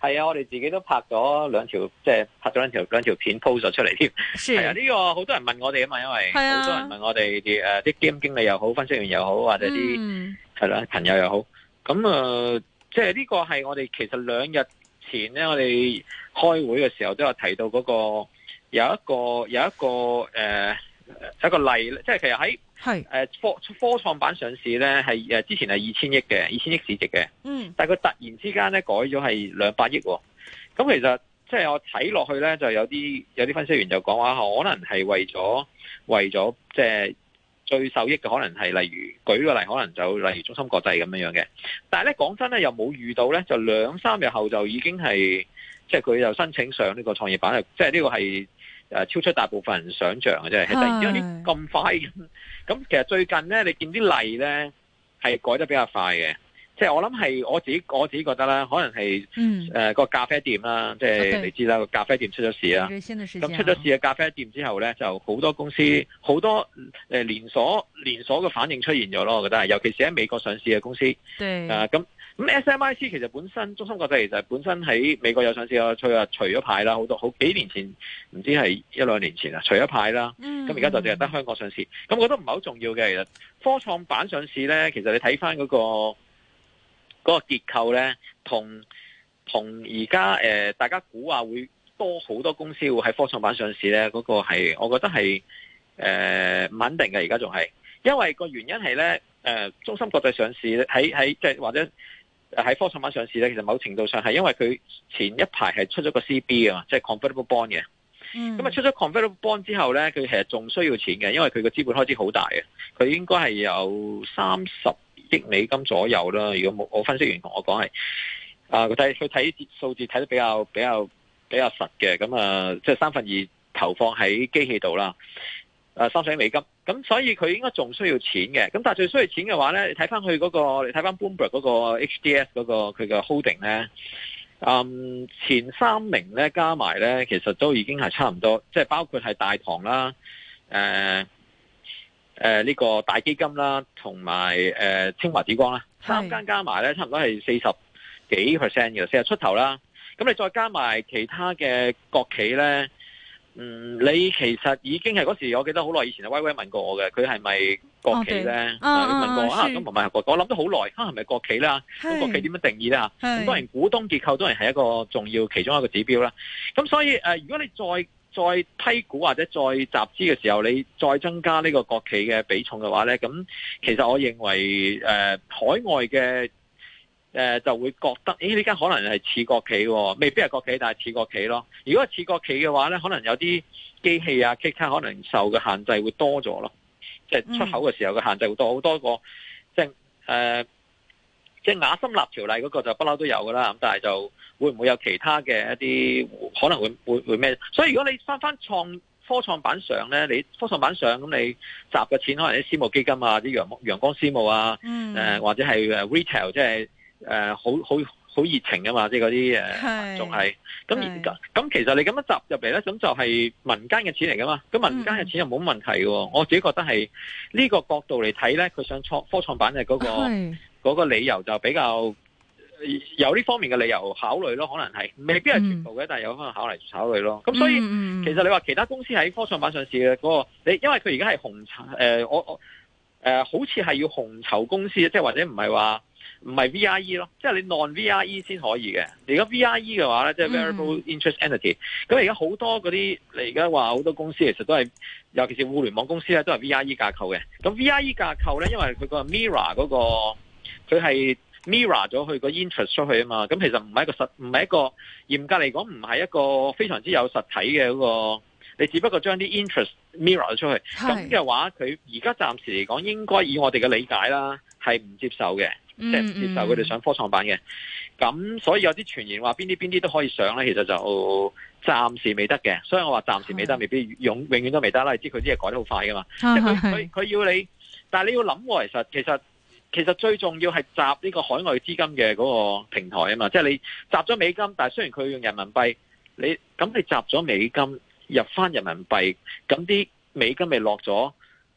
係啊，我哋自己都拍咗兩條，即係拍咗兩條兩條片 post 咗出嚟添。係的啊，呢、這個好多人問我哋啊嘛，因為好多人問我哋啲誒啲基金經理又好，分析員又好，或者啲係啦朋友又好。咁、嗯、啊、呃，即係呢個係我哋其實兩日前咧，我哋開會嘅時候都有提到嗰、那個有一個有一個誒、呃、一個例，即係其實喺。係誒是科科創板上市咧，係誒之前係二千億嘅，二千億市值嘅。嗯。但係佢突然之間咧改咗係兩百億喎，咁其實即係我睇落去咧，就有啲有啲分析員就講話可能係為咗為咗即係最受益嘅可能係例如舉個例，可能就例如中芯國際咁樣樣嘅。但係咧講真咧，又冇遇到咧，就兩三日後就已經係即係佢就申請上呢個創業板，即係呢個係誒超出大部分人想象嘅，即係佢突然間咁快。是 咁其實最近咧，你見啲例咧係改得比較快嘅，即、就、係、是、我諗係我自己我自己覺得啦，可能係誒、嗯呃那個咖啡店啦，即係、嗯、你知啦，個咖啡店出咗事啦。咁、嗯嗯嗯、出咗事嘅咖啡店之後咧，就好多公司好、嗯、多誒連鎖連鎖嘅反應出現咗咯，我覺得係，尤其是喺美國上市嘅公司。誒咁對。呃咁 S M I C 其實本身中心國際其實本身喺美國有上市咯，佢話除咗牌啦好多，好幾年前唔知係一兩年前啊？除咗牌啦，咁而家就淨係得香港上市。咁我覺得唔係好重要嘅，其實科創板上市咧，其實你睇翻嗰個嗰個結構咧，同同而家誒大家估話會多好多公司會喺科創板上市咧，嗰個係我覺得係誒唔穩定嘅，而家仲係，因為個原因係咧誒中心國際上市喺喺即係或者。喺科創板上市咧，其實某程度上係因為佢前一排係出咗個 CB 啊，即係 Convertible Bond 嘅。咁啊、嗯，出咗 Convertible Bond 之後咧，佢其實仲需要錢嘅，因為佢個資本開支好大嘅。佢應該係有三十億美金左右啦。如果冇，我分析員同我講係，啊，佢睇佢睇數字睇得比較比較比較實嘅。咁啊，即係三分二投放喺機器度啦。誒三十億美金，咁所以佢應該仲需要錢嘅，咁但係最需要錢嘅話咧，你睇翻佢嗰個，你睇翻 Bloomberg 嗰個 HDS 嗰、那個佢嘅 holding 咧，嗯，前三名咧加埋咧，其實都已經係差唔多，即係包括係大唐啦，誒、呃、呢、呃這個大基金啦，同埋誒清華紫光啦，三間是的 加埋咧，差唔多係四十幾 percent 嘅，四十出頭啦，咁你再加埋其他嘅國企咧。嗯，你其實已經係嗰時，我記得好耐以前，威威問過我嘅，佢係咪國企咧？問過我啊，咁唔係國，我諗咗好耐，啊係咪國企啦？個是國企點樣定義啦？咁是當然，股東結構當然係一個重要其中一個指標啦。咁所以誒、呃，如果你再再批股或者再集資嘅時候，你再增加呢個國企嘅比重嘅話咧，咁其實我認為誒、呃、海外嘅。誒就會覺得，咦、哎，呢間可能係似國企喎，哦，未必係國企，但係似國企咯。如果似國企嘅話咧，可能有啲機器啊、機卡可能受嘅限制會多咗咯。即、就、係、是、出口嘅時候嘅限制會多好、嗯、多個即係誒，即、就、係、是呃就是、雅森立條例嗰個就不嬲都有㗎啦。咁但係就會唔會有其他嘅一啲可能會會會咩？所以如果你翻翻創科創板上咧，你科創板上咁，你集嘅錢可能啲私募基金啊、啲陽陽光私募啊，嗯、或者係 retail 即、就、係、是。誒、呃，好好好熱情啊嘛！即係嗰啲誒仲係，咁而家咁其實你咁樣集入嚟咧，咁就係民間嘅錢嚟噶嘛？咁民間嘅錢又冇問題嘅，嗯、我自己覺得係呢、呢個角度嚟睇咧，佢想創科創板嘅嗰個嗰是個理由就比較有呢方面嘅理由考慮咯，可能係未必係全部嘅，嗯、但係有可能考慮考慮咯。咁所以嗯嗯其實你話其他公司喺科創板上市嘅嗰個，你因為佢而家係紅籌、呃、我我、呃、好似係要紅籌公司，即係或者唔係話。唔係 VIE 咯，即係你 non VIE 先可以嘅。而家 VIE 嘅話咧，即係 variable interest entity、嗯。咁而家好多嗰啲，你而家話好多公司其實都係，尤其是互聯網公司咧，都係 VIE 架構嘅。咁 VIE 架構咧，因為佢個 mirror 嗰個，佢係 mirror 咗佢個 interest 出去啊嘛。咁其實唔係一個實，唔係一個嚴格嚟講，唔係一個非常之有實體嘅嗰個。你只不過將啲 interest mirror 咗出去。咁嘅是話，佢而家暫時嚟講，應該以我哋嘅理解啦，係唔接受嘅。即係接受佢哋上科創板嘅，咁所以有啲傳言話邊啲邊啲都可以上咧，其實就、哦、暫時未得嘅。所以我話暫時未得，是的 未必永永遠都未得啦。你知佢啲嘢改得好快噶嘛？即佢佢要你，但係你要諗喎，其實其實其實最重要係集呢個海外資金嘅嗰個平台啊嘛。即係你集咗美金，但係雖然佢用人民幣，你咁你集咗美金入翻人民幣，咁啲美金咪落咗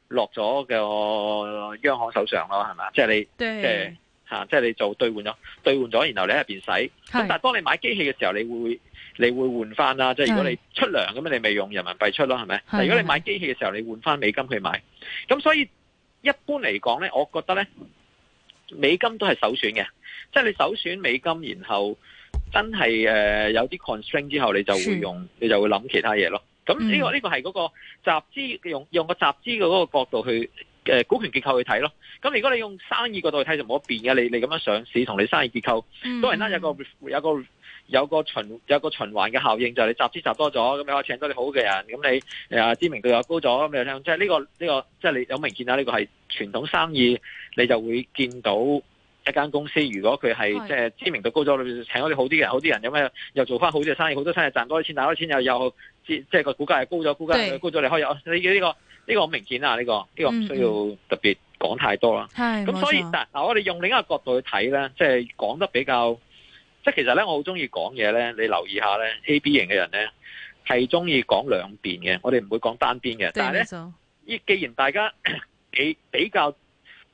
落咗個央行手上咯，係咪？即係你即係。啊！即係你就兌換咗，兌換咗，然後你喺入邊使。是但係當你買機器嘅時候你，你會你會換翻啦。是即係如果你出糧咁樣，你咪用人民幣出囉，係咪？是但如果你買機器嘅時候，你換翻美金去買。咁所以一般嚟講咧，我覺得咧，美金都係首選嘅。即係你首選美金，然後真係誒有啲 constraint 之後，你就會用，是你就會諗其他嘢咯。咁呢個呢是個係嗰個集資用用個集資嘅嗰個角度去。誒股權結構去睇咯，咁如果你用生意角度去睇就冇得變嘅，你你咁樣上市同你生意結構，嗯、當然啦有個有個有個循有個循環嘅效應，就係、是、你集資集多咗，咁你可請多啲好嘅人，咁你誒知名度又高咗，咁你又聽，即係呢個呢個即係你有明顯啦、啊、呢、這個係傳統生意，你就會見到一間公司如果佢係即係知名度高咗，你請多啲好啲人，好啲人有咩又做翻好嘅生意，好多生意賺多啲錢，賺多啲錢又又即係個股價又高咗，股價又高咗你可以有你叫、這、呢、個呢個好明顯啦、啊，呢、這個呢、這個唔需要特別講太多啦。係咁、嗯，所以嗱嗱，錯但我哋用另一個角度去睇咧，即係講得比較，即、就、係、是、其實咧，我好中意講嘢咧。你留意下咧，A、B 型嘅人咧係中意講兩邊嘅，我哋唔會講單邊嘅。但係咧，依既然大家比比較，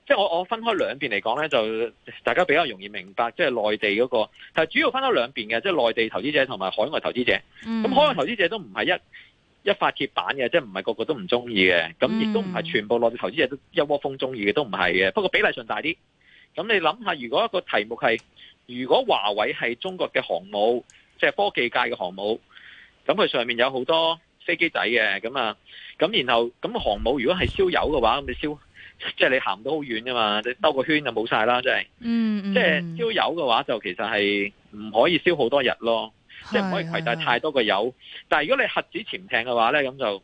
即係我我分開兩邊嚟講咧，就大家比較容易明白。即、就、係、是、內地嗰、那個，係主要分開兩邊嘅，即、就、係、是、內地投資者同埋海外投資者。咁、嗯、海外投資者都唔係一一塊鐵板嘅，即係唔係個個都唔中意嘅，咁亦都唔係全部攞嚟投資嘅都一窩蜂中意嘅，都唔係嘅。不過比例上大啲。咁你諗下，如果一個題目係，如果華為係中國嘅航母，即係科技界嘅航母，咁佢上面有好多飛機仔嘅，咁啊，咁然後咁航母如果係燒油嘅話，咁你燒，即係你行唔到好遠㗎嘛，你兜個圈就冇晒啦，真係、嗯嗯、即係燒油嘅話，就其實係唔可以燒好多日咯。即係唔可以攜帶太多嘅油，是是是，但係如果你核子潛艇嘅話咧，咁就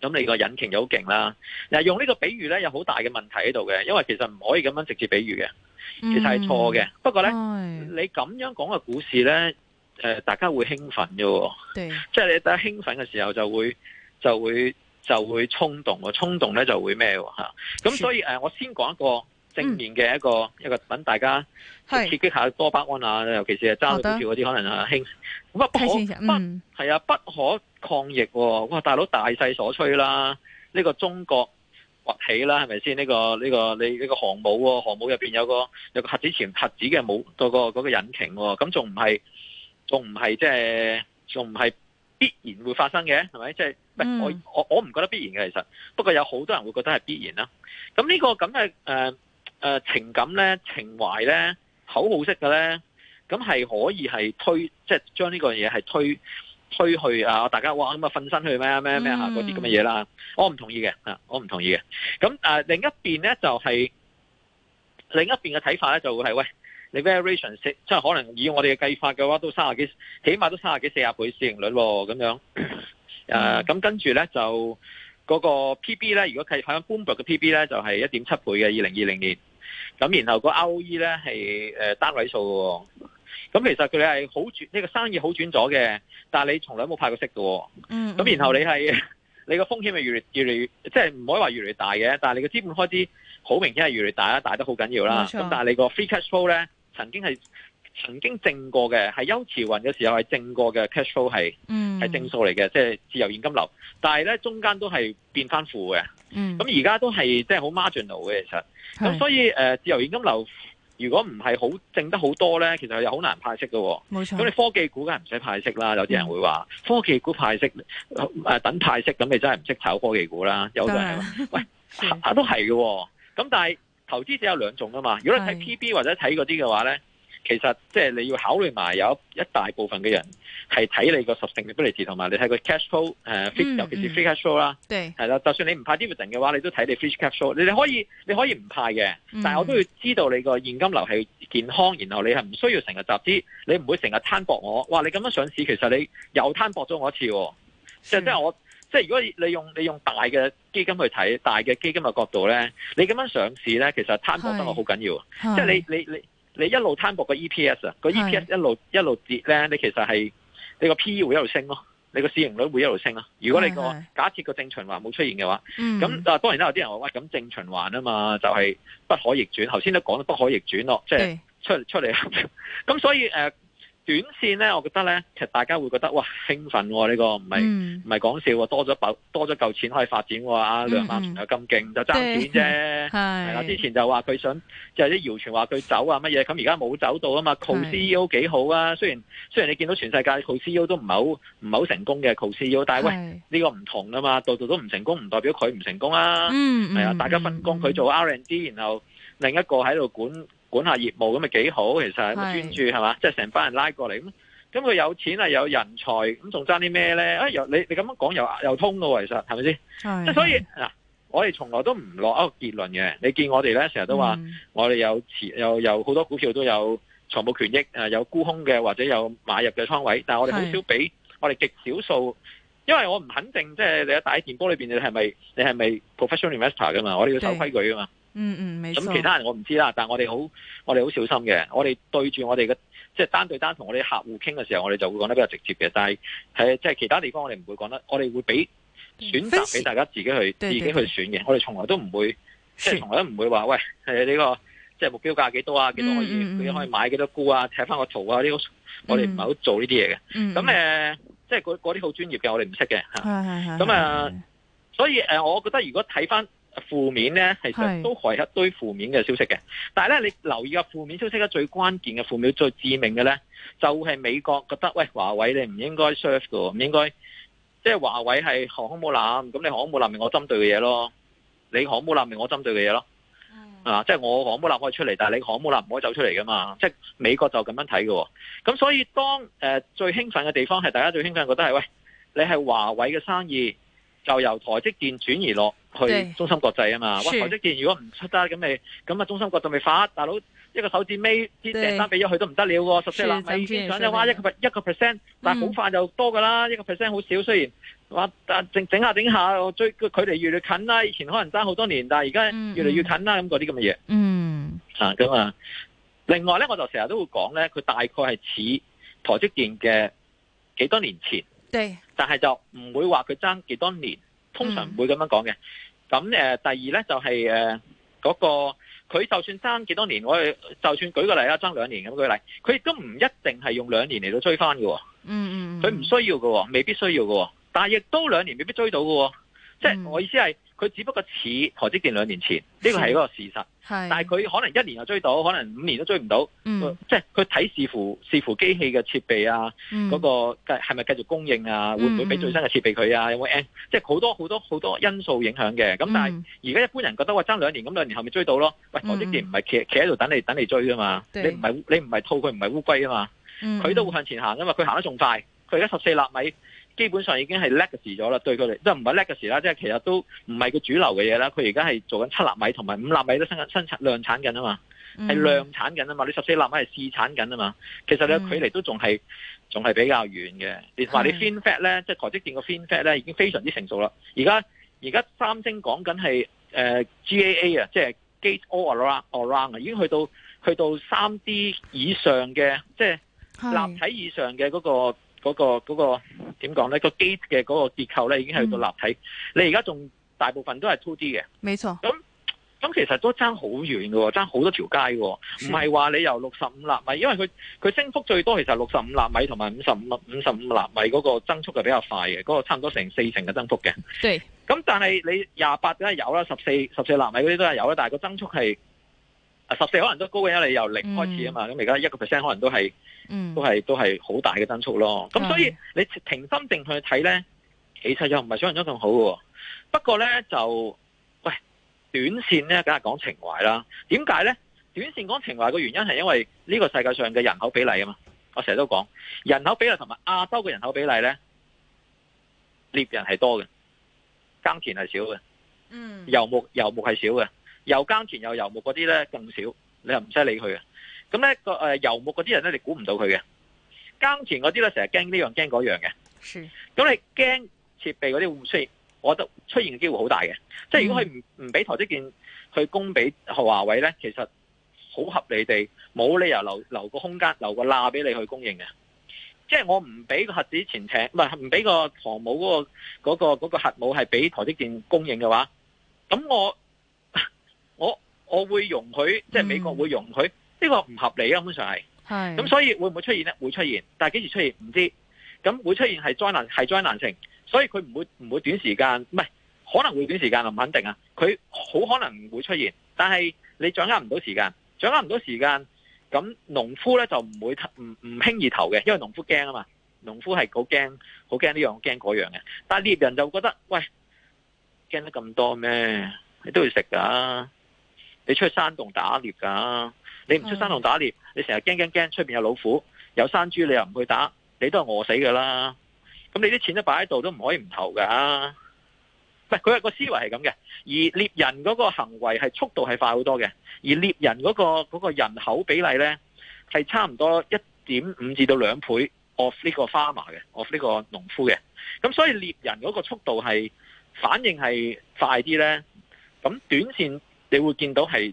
咁你個引擎有好勁啦。嗱，用呢個比喻咧，有好大嘅問題喺度嘅，因為其實唔可以咁樣直接比喻嘅，嗯、其實係錯嘅。不過咧，是 你咁樣講嘅股市咧，誒、呃，大家會興奮嘅、哦，對即係你大家興奮嘅時候就會就會就會衝動，衝動咧就會咩吓？咁、啊、所以誒、呃，我先講一個。正面嘅一個、嗯、一個等大家，刺激下多巴胺啊！是尤其是揸股票嗰啲可能興、啊，咁啊、嗯、不可、嗯、不係啊不可抗逆、啊。哇！大佬大勢所趨啦、啊，呢、這個中國崛起啦、啊，係咪先？呢、這個呢、這個你呢、這個、航母、啊，航母入邊有個有個核子潛核子嘅武嗰個嗰、那個、引擎、啊。咁仲唔係仲唔係即係仲唔係必然會發生嘅？係咪？即、就、係、是嗯、我我我唔覺得必然嘅，其實不過有好多人會覺得係必然啦。咁呢個咁嘅誒、呃，情感咧、情懷咧、口號式嘅咧，咁係可以係推，即係將呢個嘢係推推去啊！大家話，咁啊瞓身去咩咩咩吓，嗰啲咁嘅嘢啦，我唔同意嘅吓，我唔同意嘅。咁誒、呃，另一邊咧就係、是、另一邊嘅睇法咧，就會、是、係喂，你 valuation 即係可能以我哋嘅計法嘅話，都三十幾，起碼都三十幾四十倍市盈率咁、哦、樣。誒、呃，咁、嗯、跟住咧就嗰、那個 P B 咧，如果計睇翻彭博嘅 P B 咧，就係一點七倍嘅二零二零年。咁然後個 ROE 咧係誒、呃、單位數嘅、哦，咁其實佢哋係好轉呢個生意好轉咗嘅，但係你從來冇派過息嘅、哦，咁、嗯、然後你係你個風險係越嚟越嚟越,越，即係唔可以話越嚟越大嘅，但係你個資本開支好明顯係越嚟越大啦，大得好緊要啦，咁冇錯，但係你個 free cash flow 咧曾經係。曾經正過嘅，係邱慈雲嘅時候係正過嘅 cash flow，係係、嗯、正數嚟嘅，即、就、係、是、自由現金流。但係咧中間都係變翻負嘅。咁而家都係即係好 marginal 嘅，其實。咁是所以誒、呃、自由現金流如果唔係好正得好多咧，其實又好難派息嘅、哦。冇錯錯。咁你科技股梗係唔使派息啦，有啲人會話科技股派息誒等派息，咁你真係唔識炒科技股啦。對有啲人 喂都係嘅、哦。咁但係投資者有兩種啊嘛。如果你睇 PB 或者睇嗰啲嘅話咧。其實即係你要考慮埋有一大部分嘅人係睇你個屬性嘅不字，同埋你睇個 cash flow 誒、呃，嗯、尤其是 free cash flow 啦、嗯。的對，係啦，就算你唔派 dividend 嘅話，你都睇你 free cash flow。你你可以你可以唔派嘅，但係我都要知道你個現金流係健康，嗯、然後你係唔需要成日集資，你唔會成日攤薄我。哇！你咁樣上市，其實你又攤薄咗我一次、啊。即係即係我即係、就是、如果你用你用大嘅基金去睇，大嘅基金嘅角度咧，你咁樣上市咧，其實攤薄對我好緊要。即係你你你。你你你一路攤薄個 E P S 啊，個 E P S 一路一路跌咧，你其實係你個 P E 會一路升咯，你個市盈率會一路升咯。如果你個是是假設個正循環冇出現嘅話，咁啊、嗯、當然啦，有啲人話喂，咁正循環啊嘛，就係、是、不可逆轉。頭先都講到不可逆轉咯，即、就、係、是、出是出嚟。咁所以誒。呃短線咧，我覺得咧，其實大家會覺得哇興奮喎、啊，呢、這個唔係唔係講笑喎，多咗百多咗嚿錢可以發展喎、啊，阿梁、嗯、萬全又咁勁，就爭錢啫。係啦、嗯是，之前就話佢想就係、是、啲謠傳話佢走啊乜嘢，咁而家冇走到啊嘛，酷 CEO 幾是好啊？雖然雖然你見到全世界酷 CEO 都唔係好唔好成功嘅酷 CEO，但係是喂呢、這個唔同啊嘛，度度都唔成功唔代表佢唔成功啊。係、嗯、啊，嗯、大家分工 R，佢做 R&D，然後另一個喺度管。管下業務咁咪幾好？其實咁是專注係嘛？即係成班人拉過嚟咁，咁佢有錢呀有人才，咁仲爭啲咩咧？又、哎、你你咁樣講又又通咯，其實係咪先？即係是所以，啊、我哋從來都唔落一個結論嘅。你見我哋咧成日都話，嗯、我哋有持，有好多股票都有財務權益，有沽空嘅或者有買入嘅倉位，但我哋好少俾是我哋極少數，因為我唔肯定，即係你喺大電波裏面，你係咪你係咪 professional investor 噶嘛？我哋要守規矩噶嘛？嗯嗯，咁其他人我唔知啦，但係我哋好，我哋好小心嘅。我哋對住我哋嘅，即係單對單同我哋客戶傾嘅時候，我哋就會講得比較直接嘅。但係係即係其他地方，我哋唔會講得，我哋會俾選擇俾大家自己去對對對自己去選嘅。我哋從來都唔會，是即係從來都唔會話喂，呃，呢個即係目標價幾多啊？幾多可以，佢、嗯嗯、可以買幾多股啊？睇翻個圖啊？呢個我哋唔係好做呢啲嘢嘅。咁誒、嗯，即係嗰啲好專業嘅，我哋唔識嘅咁啊，是是、嗯呃，所以誒、呃，我覺得如果睇翻，負面咧，其實都係一堆負面嘅消息嘅。是但係咧，你留意個負面消息咧，最關鍵嘅負面最致命嘅咧，就係、是、美國覺得喂，華為你唔應該 search 嘅，唔應該，即係華為係航空母艦，咁你航空母艦咪我針對嘅嘢咯，你航空母艦咪我針對嘅嘢咯，的啊，即、就、係、是、我航空母艦可以出嚟，但係你航空母艦唔可以走出嚟噶嘛，即、就、係、是、美國就咁樣睇嘅。咁所以當誒、呃、最興奮嘅地方係大家最興奮覺得係喂，你係華為嘅生意就由台積電轉移落。去中芯國際啊嘛，哇台積電如果唔出得咁咪咁啊中芯國際咪發大佬一個手指尾先剩翻俾咗佢都唔得了喎，十四納米先想嘅話一個一個 percent，但係好快就多㗎啦，一個 percent 好少雖然，話但係整整下整下佢距離越嚟越近啦，以前可能爭好多年，但係而家越嚟越近啦咁嗰啲咁嘅嘢，嗯，啊咁啊，另外咧我就成日都會講咧，佢大概係似台積電嘅幾多年前，對但係就唔會話佢爭幾多年。通常唔會咁樣講嘅，咁誒、呃，第二呢，就係、是、誒，嗰、呃嗰個佢就算爭幾多年，我哋就算舉個例啦，爭兩年咁舉例，佢亦都唔一定係用兩年嚟到追翻嘅，嗯,嗯嗯，佢唔需要嘅，未必需要嘅，但係亦都兩年未必追到嘅，嗯、即係我意思係。佢只不過似台積電兩年前，呢個係一個事實。是但係佢可能一年又追到，可能五年都追唔到。嗯、即係佢睇視乎視乎機器嘅設備啊，嗰、嗯、個係係咪繼續供應啊？嗯、會唔會俾最新嘅設備佢啊？有冇 n、嗯、即係好多好多好多因素影響嘅。咁、嗯、但係而家一般人覺得話爭兩年，咁兩年後咪追到咯？喂，台積電唔係企企喺度等你等你追噶嘛？對你唔係你唔係兔，佢，唔係烏龜啊嘛？佢、嗯、都會向前行啊嘛！佢行得仲快。佢而家十四納米。基本上已經係 Legacy 咗啦，對佢哋都唔係 Legacy 啦，即係其實都唔係個主流嘅嘢啦。佢而家係做緊七納米同埋五納米都生緊生產量產緊啊嘛，係、嗯、量產緊啊嘛。你十四納米係試產緊啊嘛。其實你距離都仲係仲係比較遠嘅。同埋你 FinFet 咧，即係的台積電嘅 FinFet 咧，已經非常之成熟啦。而家而家三星講緊係誒 GAA 啊，即、uh, 係 Gate All Around 啊，已經去到去到三 D 以上嘅，即、就、係、是、立體以上嘅嗰個嗰嗰個。的點講咧？個機嘅嗰個結構咧，已經係個立體。嗯、你而家仲大部分都係 two D 嘅。冇錯。咁咁其實都爭好遠嘅喎，爭好多條街嘅喎。唔係話你由六十五納米，因為佢佢升幅最多其實六十五納米同埋五十五五十五納米嗰個增速就比較快嘅，嗰、嗰個差唔多成四成嘅增幅嘅。咁對但係你廿八都係有啦，十四十四納米嗰啲都係有啦，但係個增速係啊十四可能都高嘅，因為你由零開始啊嘛。咁而家一個 percent 可能都係。嗯，都係都係好大嘅增速咯。咁、嗯、所以你平心靜去睇咧，其實又唔係想像中咁好嘅。不過咧就，喂，短線咧梗係講情懷啦。點解咧？短線講情懷嘅原因係因為呢個世界上嘅人口比例啊嘛。我成日都講人口比例同埋亞洲嘅人口比例咧，獵人係多嘅，耕田係少嘅。嗯，遊牧遊牧係少嘅，又耕田又遊牧嗰啲咧更少，你又唔使理佢嘅。咁咧、那個誒游、呃、木嗰啲人咧，你估唔到佢嘅，監前嗰啲咧成日驚呢樣驚嗰樣嘅。咁是你驚設備嗰啲會唔出現？我覺得出現嘅機會好大嘅。即係如果佢唔唔俾台積電去供俾華為咧，其實好合理地冇理由留留個空間留個罅俾你去供應嘅。即係我唔俾核子潛艇，唔畀唔俾個航母嗰、那個嗰嗰、那個那個、核武係俾台積電供應嘅話，咁我我我會容許，嗯、即係美國會容許。呢個唔合理啊，根本上係。係是。咁所以會唔會出現咧？會出現，但係幾時出現唔知。咁會出現係災難，係災難性。所以佢唔會唔會短時間，唔係可能會短時間唔肯定啊。佢好可能唔會出現，但係你掌握唔到時間，掌握唔到時間，咁農夫咧就唔會唔唔輕易投嘅，因為農夫驚啊嘛。農夫係好驚，好驚呢樣，驚嗰樣嘅。但係獵人就覺得，喂，驚得咁多咩？你都要食噶啊，你出去山洞打獵噶啊。你唔出山洞打獵，你成日驚驚驚，出邊有老虎有山豬，你又唔去打，你都係餓死噶啦。咁你啲錢都擺喺度，都唔可以唔投噶。佢係個思維係咁嘅，而獵人嗰個行為係速度係快好多嘅，而獵人嗰個嗰個人口比例呢，係差唔多一點五至到兩倍 of 呢個 farmer 嘅，of 呢個農夫嘅。咁所以獵人嗰個速度係反應係快啲呢。咁短線你會見到係。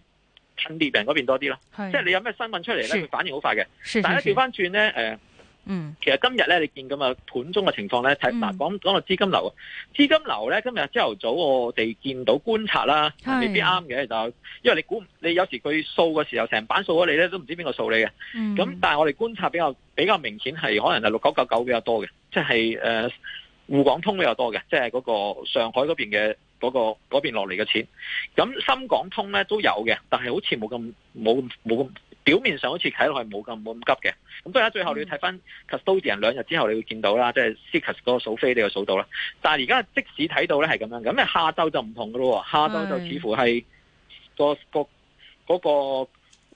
親啲病嗰邊多啲咯，是即係你有咩新聞出嚟咧，佢反應好快嘅。但係調翻轉咧，誒，呃、嗯，其實今日咧，你見咁啊，盤中嘅情況咧，睇嗱講講到資金流啊，資金流咧，今日朝頭早我哋見到觀察啦，是未必啱嘅，就因為你估你有時佢掃嘅時候成版掃咗你咧，都唔知邊個掃你嘅。咁、嗯、但係我哋觀察比較比較明顯係，可能係六九九九比較多嘅，即係誒滬港通比較多嘅，即係嗰個上海嗰邊嘅。嗰、那個嗰邊落嚟嘅錢，咁深港通咧都有嘅，但係好似冇咁冇冇表面上好似睇落去冇咁冇咁急嘅。咁都係最後你要睇翻 custodian 兩日之後，你會見到啦，即係 seekers 嗰個數飛你個數到啦。但係而家即使睇到咧係咁樣，咁咩下週就唔同嘅咯，下週就似乎係、那個、mm hmm. 那個嗰、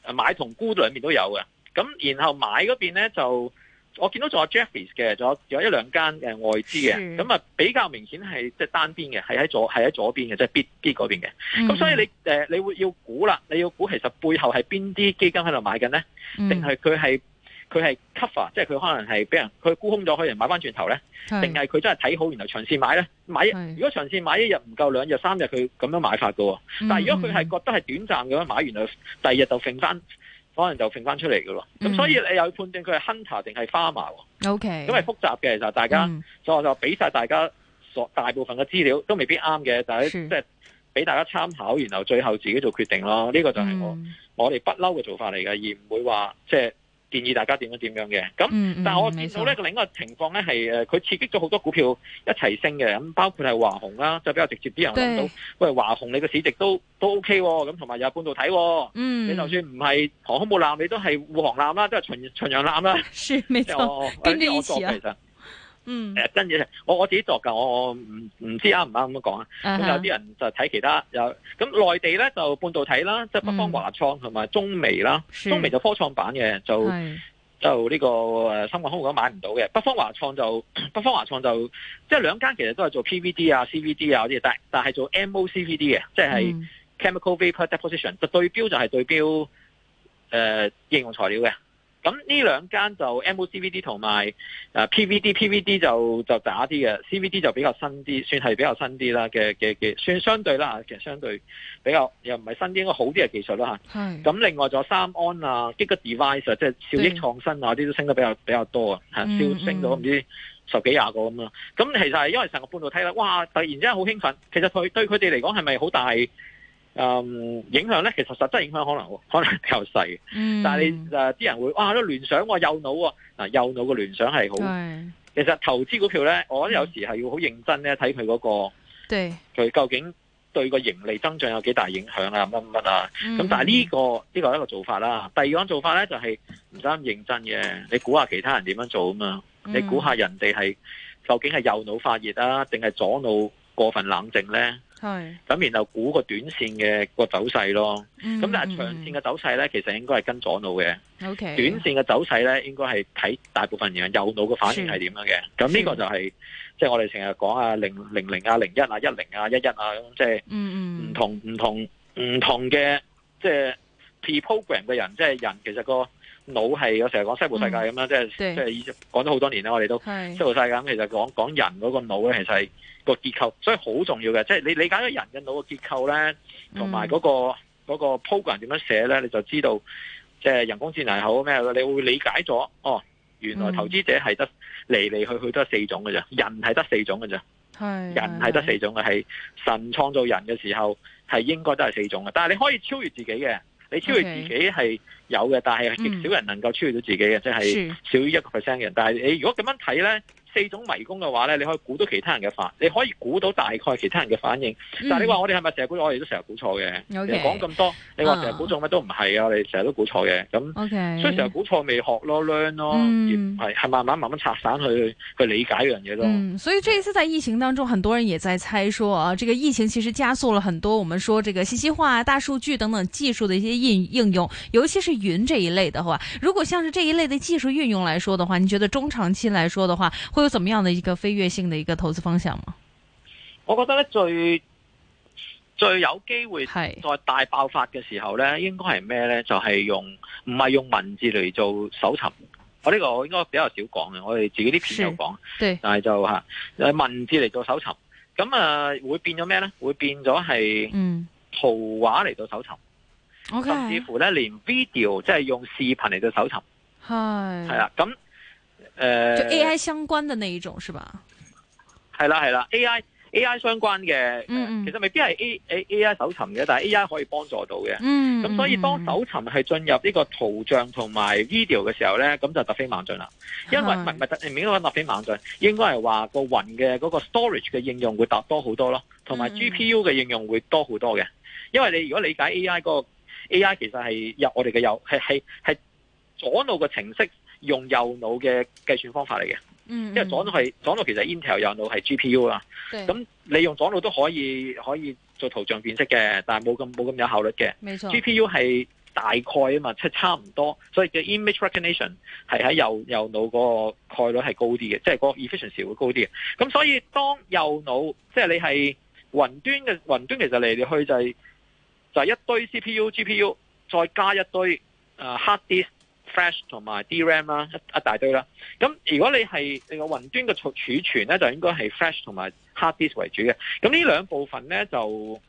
那個買同沽兩邊都有嘅。咁然後買嗰邊咧就。我見到仲有 Jeffries 嘅，仲有有一兩間誒外資嘅，咁啊的比較明顯係即係單邊嘅，係喺左係喺左邊嘅，即係 bid bid 嗰邊嘅。咁、嗯、所以你誒，你會要估啦，你要估其實背後係邊啲基金喺度買緊咧？定係佢係佢係 cover，即係佢可能係俾人佢沽空咗，可以買翻轉頭咧？定係佢真係睇好，然後長線買咧？買的如果長線買一日唔夠兩日三日，佢咁樣買法嘅喎。嗯、但係如果佢係覺得係短暫嘅話，買完來第二日就揈翻。可能就揈翻出嚟㗎咯，咁所以你又要判定佢係 hunter 定係 farmer，OK，咁係複雜嘅就大家，嗯、所以我就俾晒大家所大部分嘅資料都未必啱嘅，但係即係俾大家參考，然後最後自己做決定咯。呢、這個就係我、嗯、我哋不嬲嘅做法嚟嘅，而唔會話即係。就是建議大家點樣點樣嘅，咁、嗯嗯、但係我見到咧錯另一個情況咧係誒，佢刺激咗好多股票一齊升嘅，咁包括係華虹啦，就比較直接啲人睇到，對喂華虹你個市值都都 OK 喎、啊，咁同埋有係半導體、啊，嗯、你就算唔係航空母艦，你都係護航艦啦、啊，都係巡巡洋艦啦，係咪先？跟住我講啊，其實。嗯，跟、呃、真咧，我我自己作㗎，我我唔唔知啱唔啱咁講啊。咁、uh huh. 有啲人就睇其他有，咁內地咧就半導體啦，即係北方華創同埋中微啦，是中微就科創板嘅，就是就呢、這個誒、啊、深港通都買唔到嘅。北方華創就北方華創就即係兩間其實都係做 PVD 啊、CVD 啊啲嘢，但但係做 MOCVD 嘅，即、就、係、是、chemical vapor deposition，、嗯、就對標就係對標誒、呃、應用材料嘅。咁呢兩間就 MOCVD 同埋 PVD，PVD 就就渣啲嘅，CVD 就比較新啲，算係比較新啲啦嘅嘅嘅，算相對啦其實相對比較又唔係新啲，應該好啲嘅技術啦吓，咁是另外仲有三安啊，Giga Device、啊、即係兆易創新啊啲對都升得比較比較多啊，升升咗唔知十幾廿個咁啦咁其實係因為成個半導體啦，哇！突然之間好興奮，其實佢對佢哋嚟講係咪好大？嗯，影響咧，其實實質影響可能可能比較細，嗯、但係你誒，啲、啊、人會啊都聯想，右腦嗱右腦嘅聯想係好，對其實投資股票咧，我覺得有時係要好認真咧睇佢嗰個，對佢究竟對個盈利增長有幾大影響啊？乜乜啊？咁、嗯、但係呢、呢個呢、呢個係一個做法啦，第二個做法咧就係唔使咁認真嘅，你估下其他人點樣做、嗯、猜猜啊？嘛，你估下人哋係究竟係右腦發熱啊，定係左腦過分冷靜咧？係，咁然後估個短線嘅個走勢咯。咁、嗯、但係長線嘅走勢咧，其實應該係跟左腦嘅。OK 短線嘅走勢咧，應該係睇大部分人右腦嘅反應係點樣嘅。咁呢個就係即係我哋成日講啊零零零啊零一啊一零啊一一啊咁即係唔同唔、嗯、同唔同嘅即係 program 嘅人，即係人其實個。腦，係我成日講西部世界咁啦，即係即係講咗好多年啦，我哋都是西部世界咁。其實講講人嗰個腦咧，其實係個結構，所以好重要嘅。即、就、係、是、你理解咗人嘅腦嘅結構咧，同埋嗰個、嗯、那個 program 點樣寫咧，你就知道即係、就是、人工智能係好咩？你會理解咗哦，原來投資者係得嚟嚟去去都係四種嘅啫，人係得四種嘅啫，係是人係得四種嘅係是是神創造人嘅時候係應該都係四種嘅，但係你可以超越自己嘅。你超越自己係有嘅，Okay. 但係極少人能夠超越到自己嘅，即係、mm. 少於一個 percent 嘅人。但係你如果咁樣睇咧，四種迷宮嘅話咧，你可以估到其他人嘅反應，你可以估到大概其他人嘅反應。嗯、但係你話我哋係咪成日估，我哋都成日估錯嘅。有嘅講咁多，你話成日估錯，乜都唔係啊！我哋成日都估錯嘅。咁，okay，所以成日估錯未學咯 learn 咯，係係、嗯、慢慢慢慢拆散去去理解呢樣嘢咯，嗯。所以這一次在疫情當中，很多人也在猜說啊，這個疫情其實加速了很多我們說這個信息，息化、大數據等等技術的一些應應用，尤其是雲這一類的話。如果像是這一類的技術運用來說的話，你覺得中長期來說的話會？都有怎麼樣的一個飛躍性的一個投資方向嗎？我覺得咧最最有機會係在大爆發嘅時候咧，是應該係咩咧？就係、是、用唔係用文字嚟做搜尋，我呢個我應該比較少講嘅，我哋自己啲片有講，是對但係就吓誒、啊、文字嚟做搜尋，咁啊會變咗咩咧？會變咗係圖畫嚟做搜尋，嗯 okay. 甚至乎咧連 video 即係用視頻嚟做搜尋，係係啦咁。誒，就 A I 相關的那一種是吧？係、嗯、啦係啦，A I A I 相關嘅，呃嗯、其實未必係 A A A I 搜尋嘅，但係 A I 可以幫助到嘅，咁、嗯嗯、所以當搜尋係進入呢個圖像同埋 video 嘅時候呢，咁就突飛猛進啦。因為唔係唔係唔應該突飛猛進，應該係話個雲嘅嗰個 storage 嘅應用會多多好多咯，同埋 G P U 嘅應用會多好多嘅。嗯、因為你如果理解 A I 嗰、那個 A I 其實係入我哋嘅右係係係左腦嘅程式。用右腦嘅計算方法嚟嘅，嗯嗯，因為左腦係左腦其實 Intel 右腦係 GPU 啦。咁你用左腦都可以可以做圖像辨識嘅，但係冇咁冇咁有效率嘅。錯 G P U 係大概啊嘛，即係差唔多。所以嘅 image recognition 係喺右右腦嗰個概率係高啲嘅，即係嗰個 efficiency 會高啲。咁所以當右腦即係你係雲端嘅雲端，其實嚟嚟去就係就係一堆 C P U G P U，再加一堆誒黑啲。Flash 同埋 DRAM 啦，一一大堆啦。咁如果你係你個雲端嘅儲儲存咧，就應該係 Flash 同埋 Hard Disk 為主嘅。咁呢兩部分咧，就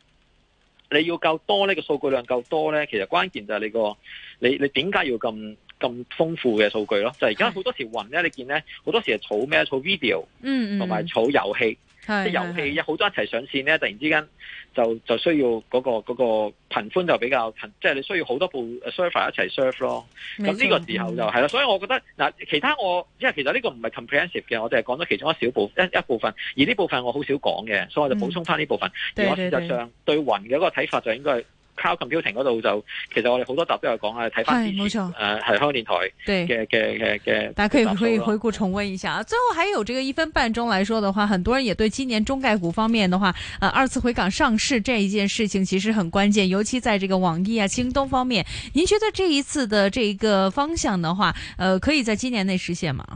你要夠多咧，個數據量夠多咧，其實關鍵就係你個你你點解要咁咁豐富嘅數據咯？就係而家好多時雲咧，你見咧好多時係儲咩？儲 video，嗯同埋儲遊戲。即係遊戲有好多一齊上線咧，突然之間就就需要嗰個嗰個頻寬就比較頻，即係你需要好多部 server 一齊 serve 咯。咁呢個時候就係啦，所以我覺得嗱，其他我因為其實呢個唔係 comprehensive 嘅，我淨係講咗其中一小部一一部分，而呢部分我好少講嘅，所以我就補充翻呢部分。對對對，而我事實上對雲嘅嗰個睇法就應該係。Cloud Computing 嗰度就，其實我哋好多集都有講啊，睇翻自己，誒錯，係、呃、香港電台嘅嘅嘅嘅，大家可以對可以回顧重溫一下。對最後還有這個一分半鐘來說的話，很多人也對今年中概股方面的話，呃二次回港上市這一件事情其實很關鍵，尤其在這個網易啊、京東方面，您覺得這一次的這一個方向的話，呃可以在今年內實現嗎？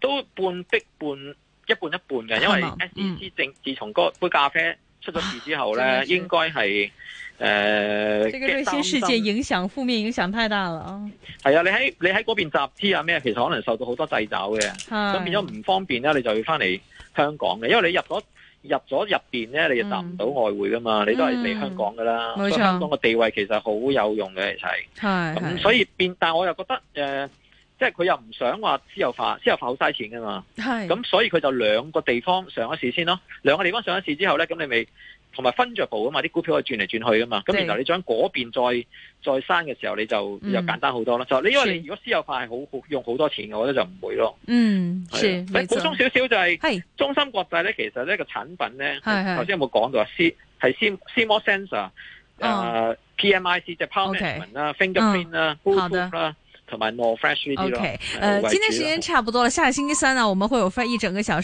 都半逼半一半一半嘅，因為 S E C 正自從嗰杯咖啡出咗事之後呢，是嗯、 應該係。誒，呃、這個新世界事件影響負面影響太大了啊！係、哦、啊，你喺你喺嗰邊集資啊咩？其實可能受到好多掣肘嘅，咁是變咗唔方便咧，你就要翻嚟香港嘅。因為你入咗入咗入邊咧，你就集唔到外匯噶嘛，嗯、你都係嚟香港噶啦。嗯、香港嘅地位其實好有用嘅，其實係咁，是所以變。但係我又覺得誒、呃，即係佢又唔想話私有化，私有化好嘥錢噶嘛。係咁是，所以佢就兩個地方上一次先咯，兩個地方上一次之後咧，咁你咪。同埋分着步啊嘛，啲股票可以轉嚟轉去啊嘛，咁然後你想嗰邊再再生嘅時候，你就又簡單好多啦。就你因為你如果私有化係好好用好多錢嘅，我覺得就唔會咯。嗯，是。誒，補充少少就係，係中芯國際咧，其實呢個產品咧，頭先有冇講到啊？C 係 CMOS Sensor 啊，PMIC 即係 Power Management 啦，Fingerprint 啦，Bluetooth 啦，同埋 NOR Flash 呢啲咯。OK，今天時間差唔多啦，下個星期三啊，我們會有翻一整個小時。